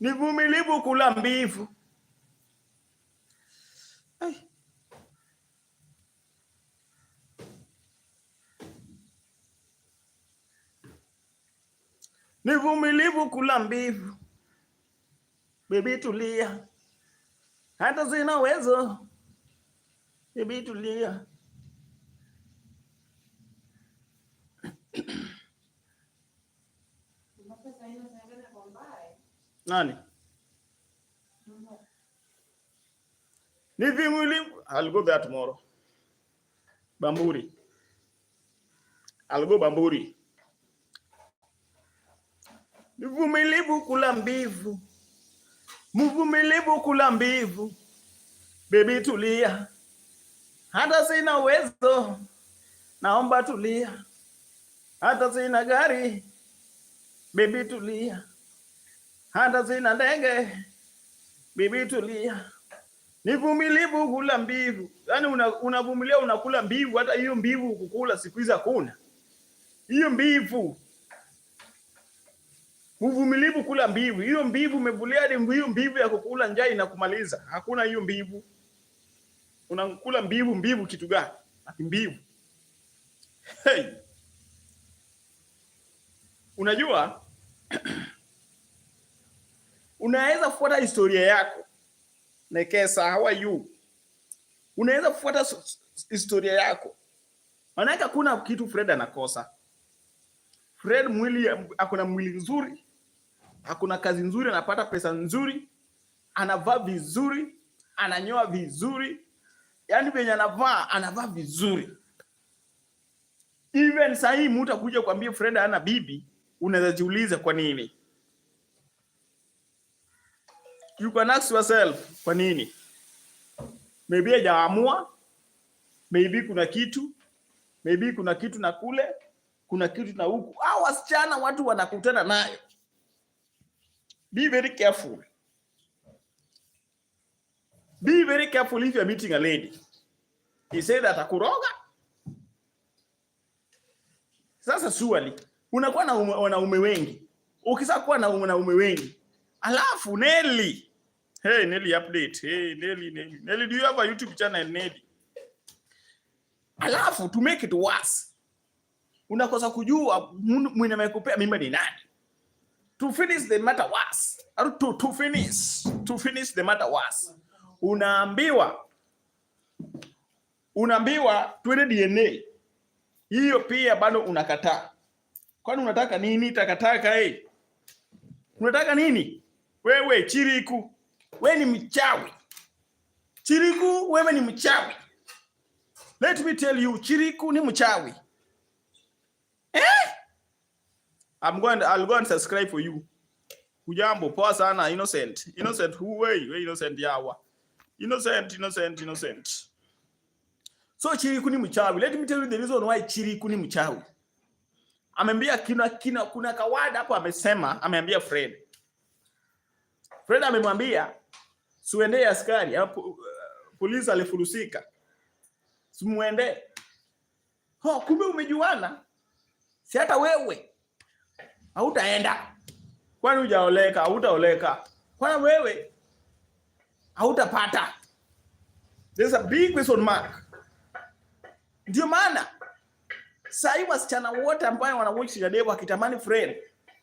ni vumilivu kula mbivu. Ni vumilivu kula mbivu. Bebi tulia, hata sina uwezo. Bebi tulia. Nani? Nivi mwili. I'll go there tomorrow. Bamburi. I'll go Bamburi. nivumilivu kula mbivu. Mvumilivu kula mbivu. Baby tulia. Hata sina uwezo. Naomba tulia. Hata sina gari. Baby tulia hata zina ndege. Bibi tulia, ni vumilivu hula mbivu. Yani unavumilia, una unakula mbivu. Hata hiyo mbivu kukula siku hizi hakuna hiyo mbivu, uvumilivu kula mbivu. Hiyo mbivu umevulia hadi hiyo mbivu ya kukula, njaa inakumaliza. Hakuna hiyo mbivu, unakula mbivu. Mbivu kitu gani? Ati mbivu hey. Unajua Unaweza kufuata historia yako Nekesa, how are you? Unaweza kufuata historia yako, maanake hakuna kitu Fred anakosa. Fred mwili akuna mwili nzuri, hakuna kazi nzuri, anapata pesa nzuri, anavaa vizuri, ananyoa vizuri, yaani venye anavaa anavaa vizuri. Even sahii mtu akuja kuambia Fred ana bibi, unaweza jiuliza kwa nini? You can ask yourself kwa nini? Maybe hajaamua, maybe kuna kitu, maybe kuna kitu na kule, kuna kitu na huku. Au wasichana watu wanakutana nayo. Be very careful. Be very careful if you meeting a lady. He said that atakuroga. Sasa suali unakuwa na wanaume wengi. ukisakuwa na wanaume wengi, alafu Nelly Hey, Nelly update. Hey, Nelly, Nelly. Nelly, do you have a YouTube channel, Nelly? Alafu to make it worse. Unakosa kujua mwenye amekupea mimba ni nani. To finish the matter worse. Or to, to finish. To finish the matter worse. Unaambiwa unaambiwa twende DNA. Hiyo pia bado unakataa. Kwani unataka nini takataka eh? Hey? Unataka nini? Wewe chiriku We ni mchawi. Chiriku, wewe ni mchawi. Let me tell you, Chiriku ni mchawi. Eh? I'm going to, I'll go and subscribe for you. Ujambo, poa sana innocent. Innocent who way? We innocent yawa. Innocent, innocent, innocent. So Chiriku ni mchawi. Let me tell you the reason why Chiriku ni mchawi. Ameambia kina, kina kuna kawada hapo amesema, ameambia friend. Fred amemwambia siuendee askari yaani hapo, uh, polisi alifurusika, simuende ho. Kumbe umejuana, si hata wewe hautaenda, kwani hujaoleka, hautaoleka, kwani wewe hautapata. There's a big question mark. Ndio maana sahii wasichana wote ambayo wanawochi Shirandula akitamani Fred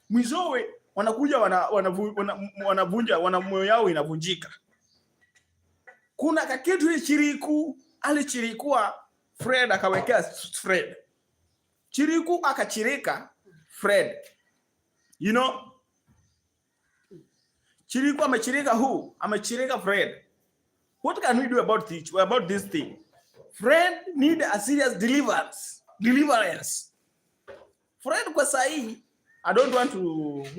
mwizowe wanakuja wanavunja wana, wana wana moyo yao inavunjika. Kuna kakitu chiriku alichirikua Fred akawekea Fred chiriku akachirika Fred, you know, chiriku amechirika who amechirika Fred. What can we do about this, about this thing? Fred need a serious deliverance, deliverance. Fred kwa sahihi I don't want to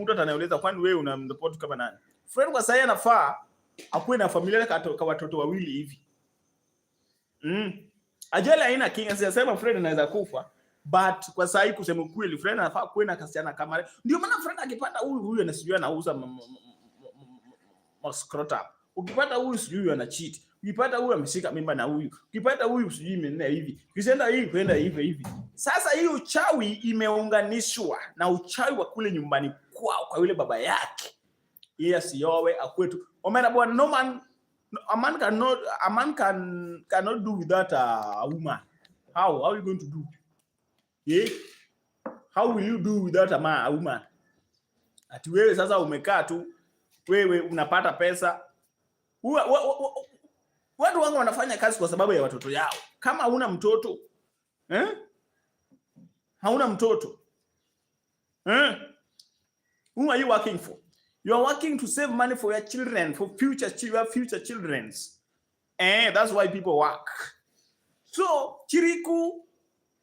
mtu atanieleza kwani wewe una report kama nani. Friend kwa sasa anafaa akuwe na familia kwa watoto wawili hivi. Mm. Ajali haina kinga, siyasema friend anaweza kufa but kwa sasa kusema kweli friend anafaa kuwe na kasiana kama. Ndio maana friend akipata huyu huyu anasijua anauza maskrota. Ukipata huyu sijui huyu ana cheat. Ukipata huyu ameshika mimba na huyu. Ukipata huyu sijui mimi imenena hivi. Ukisenda hii kwenda hivi hivi. Sasa hii uchawi imeunganishwa na uchawi wa kule nyumbani kwao kwa yule baba yake, ili asiowe akwetu. Omena bwana, no man a man cannot a man can cannot do without a woman. How how are you going to do? Yeah? How will you do without a man, a woman? Ati wewe sasa umekaa tu wewe unapata pesa. Uwa, wa, wa, wa, watu wangu wanafanya kazi kwa sababu ya watoto yao. Kama huna mtoto eh? hauna mtoto eh? Whom are you working for? You are working to save money for your children, for future, your future children's. Eh, that's why people work. So Chiriku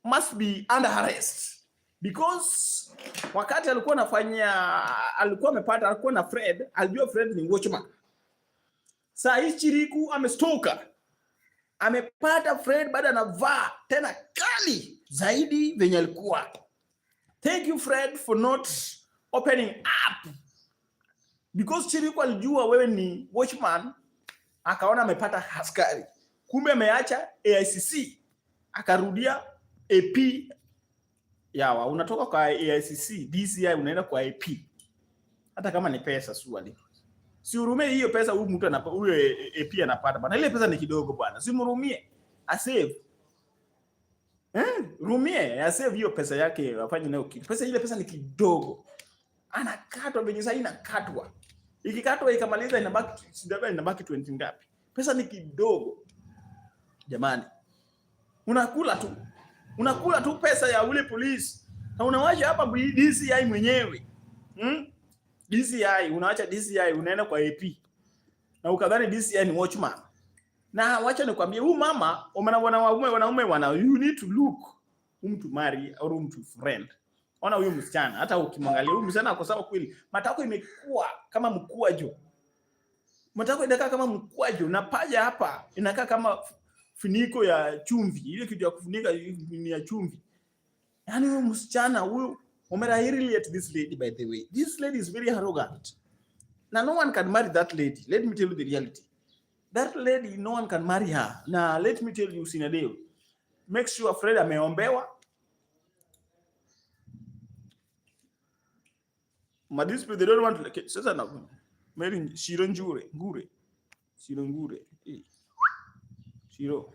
must be under arrest because wakati alikuwa anafanya alikuwa amepata alikuwa na Fred, alijua Fred ni watchman. Saa hii Chiriku amestoka, amepata Fred bado anavaa tena kali zaidi venye alikuwa. Thank you Fred for not opening up because Chiriku alijua wewe ni watchman, akaona amepata askari, kumbe ameacha AICC akarudia AP. Yawa, unatoka kwa AICC DCI unaenda kwa AP, hata kama ni pesa swali Siurumie hiyo pesa huyu mtu huyo AP anapata bwana, ile pesa ni kidogo bwana, simhurumie asave. Hmm? Rumie, asave hiyo pesa yake afanye nayo kitu. Pesa ile pesa ni kidogo. Anakatwa venye sasa inakatwa. Ikikatwa ikamaliza inabaki sidaba inabaki 20 ngapi? Pesa ni kidogo. Jamani. Unakula tu. Unakula tu pesa ya ule polisi. Na unawacha hapa DCI mwenyewe. Hmm? DCI, unaacha DCI unaenda kwa AP. Na ukadhani DCI ni watchman. Na wacha nikwambie, huu mama wanaume wanaume wana you need to look whom to marry or whom to friend. Ona huyu msichana, hata ukimwangalia huyu msichana kwa sababu kweli, matako imekuwa kama mkwaju, matako inakaa kama mkwaju, na paja hapa inakaa kama finiko ya chumvi, ile kitu ya kufunika ni ya chumvi. Yani huyu msichana huyu Omera, I relate this lady by the way. This lady is very arrogant. na no one can marry that lady. Let me tell you the reality. That lady, no one can marry her. Na let me tell you, Sinadeo, make sure Fred ameombewa. Madisciples, they don't want like sasa na Mary Shiro Njure, Ngure. Shiro Ngure. Hey. Eh. Shiro.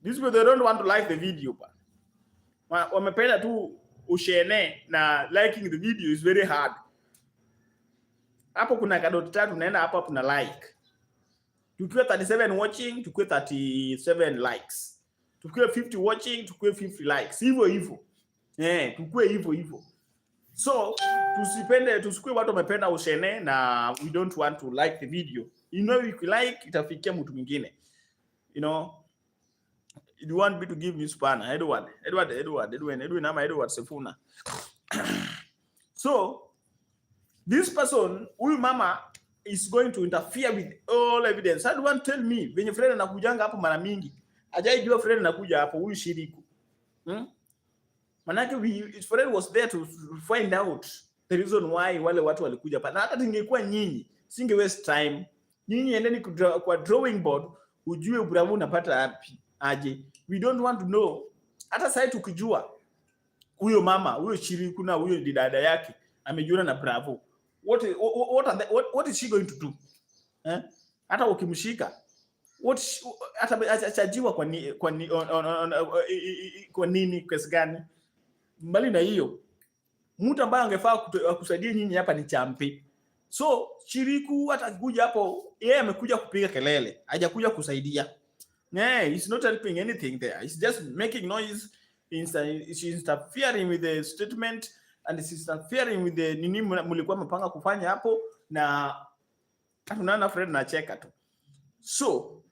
These they don't want to like the video but wamependa tu ushene na liking the video is very hard. Hapo kuna kadoti tatu naenda hapo hapo na like tukiwe 37 watching tukiwe 37 likes, tukiwe 50 watching tukiwe 50 likes, hivyo hivyo eh, tukiwe hivyo hivyo. So tusipende, tusikue watu wamependa ushene na we don't want to like the video, you know, if you like itafikia mtu mwingine, you know you want me to give me spana Edward Edward Edward Edwin Edwin ama Edward Sefuna so this person, huyu mama is going to interfere with all evidence. How one tell me venye friend anakujanga hapo mara mingi Ajai jua friend anakuja hapo huyu shiriku hmm? Manake we, his friend was there to find out the reason why wale watu walikuja pa. Na hata ningekuwa nyinyi singe waste time. Nyinyi endeni kwa drawing board, ujue Bravo unapata wapi aje. We don't want to know. Hata sasa tukijua huyo mama huyo shiriku na huyo dada yake amejiona na Bravo what what are they, what, what is she going to do eh? Hata ukimshika what hata achajiwa kwa ni, kwa ni, on, on, on, kwa nini kesi gani? Mbali na hiyo, mtu ambaye angefaa kusaidia nyinyi hapa ni Champi. So Chiriku hata kuja hapo, yeye yeah, amekuja kupiga kelele, hajakuja kusaidia. Yeah, it's not helping anything there. It's just making noise. She's interfering with the statement and it's interfering with the nini mlikuwa mpanga kufanya hapo, na tunaona Fred nacheka tu. So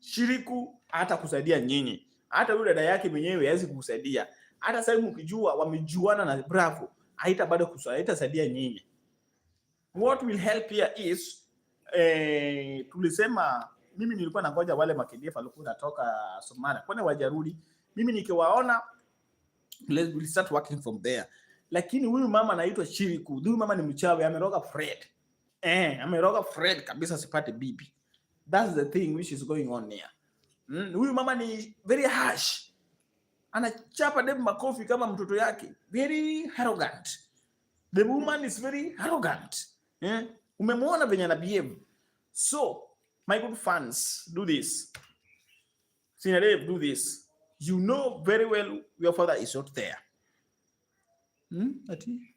shiriku hata kusaidia nyinyi, hata yule dada yake mwenyewe hawezi kukusaidia. Hata sasa mkijua wamejuana na Bravo, haita bado kusaidia nyinyi. What will help here is eh, tulisema mimi nilikuwa nangoja wale makidefu walikuwa natoka Somalia, kwani wajarudi. Mimi nikiwaona, let's start working from there lakini huyu mama anaitwa Chiriku, huyu mama ni mchawi, ameroga Fred eh, ameroga Fred kabisa, sipate bibi. That's the thing which is going on here. Mm, huyu mama ni very harsh, anachapa dem makofi kama mtoto yake, very arrogant. The woman is very arrogant eh, umemwona venye na behave. So my good fans, do this Sinarev, do this. You know very well your father is not there hmm? Ati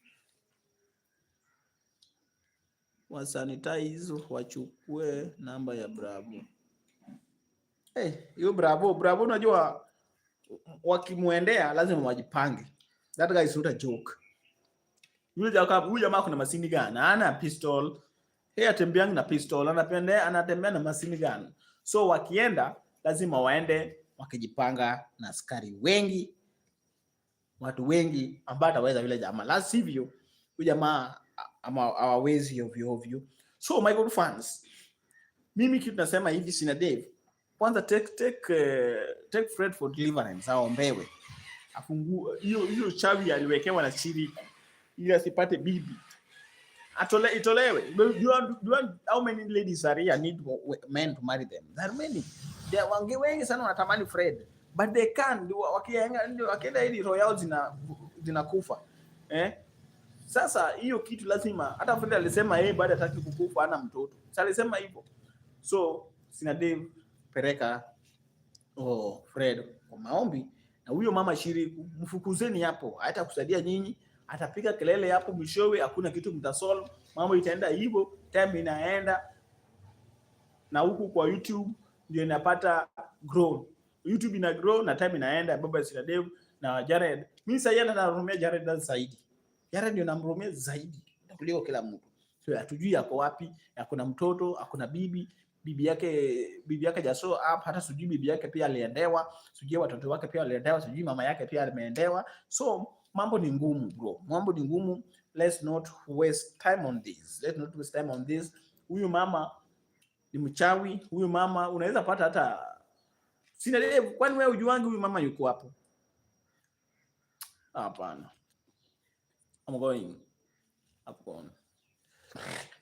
wasanitize wachukue namba ya Bravo. Hey, eh, hiyo Bravo, Bravo unajua wakimwendea lazima wajipange. That guy is not a joke. Huyu jamaa kuna masini gani? Ana pistol. Hey, atembeangi na pistol, anapende anatembea na masini gani? So wakienda lazima waende wakijipanga na askari wengi watu wengi ambao ataweza vile jamaa, la sivyo huyu jamaa ama hawawezi ovyo ovyo. So my good fans, mimi kitu nasema hivi, sina Dave kwanza, take take uh, take Fred for deliverance, aombewe afungue hiyo hiyo chawi aliwekewa na shirika ili asipate bibi, atole itolewe. Do you want, want, do you how many ladies are here need men to marry them? There are many, there wangi wengi sana wanatamani Fred but they can wakienda hili roho yao zinakufa eh? Sasa hiyo kitu lazima hata Fred alisema yeye baada hataki kukufa, ana mtoto sasa, alisema hivyo, so sina Dave peleka oh, Fred kwa maombi na huyo mama Shiri, mfukuzeni hapo, hata kusaidia nyinyi, atapiga kelele hapo, mwishowe hakuna kitu mtasolve, mambo itaenda hivyo, time inaenda na huku kwa YouTube ndio inapata growth. YouTube ina grow na time inaenda, baba sina Dev na Jared. Mimi sasa yana narumia Jared zaidi. Jared ndio namrumia zaidi kuliko kila mtu. So hatujui yako wapi, akuna mtoto, akuna bibi, bibi yake bibi yake jaso up, hata sijui bibi yake pia aliendewa, sijui watoto wake pia aliendewa, sijui mama yake pia ameendewa. So mambo ni ngumu bro. Mambo ni ngumu. Let's not waste time on this. Let's not waste time on this. Huyu mama ni mchawi, huyu mama unaweza pata hata sina devu. Kwani wewe ujuangi huyu mama yuko hapo? Hapana, I'm going. I'm going.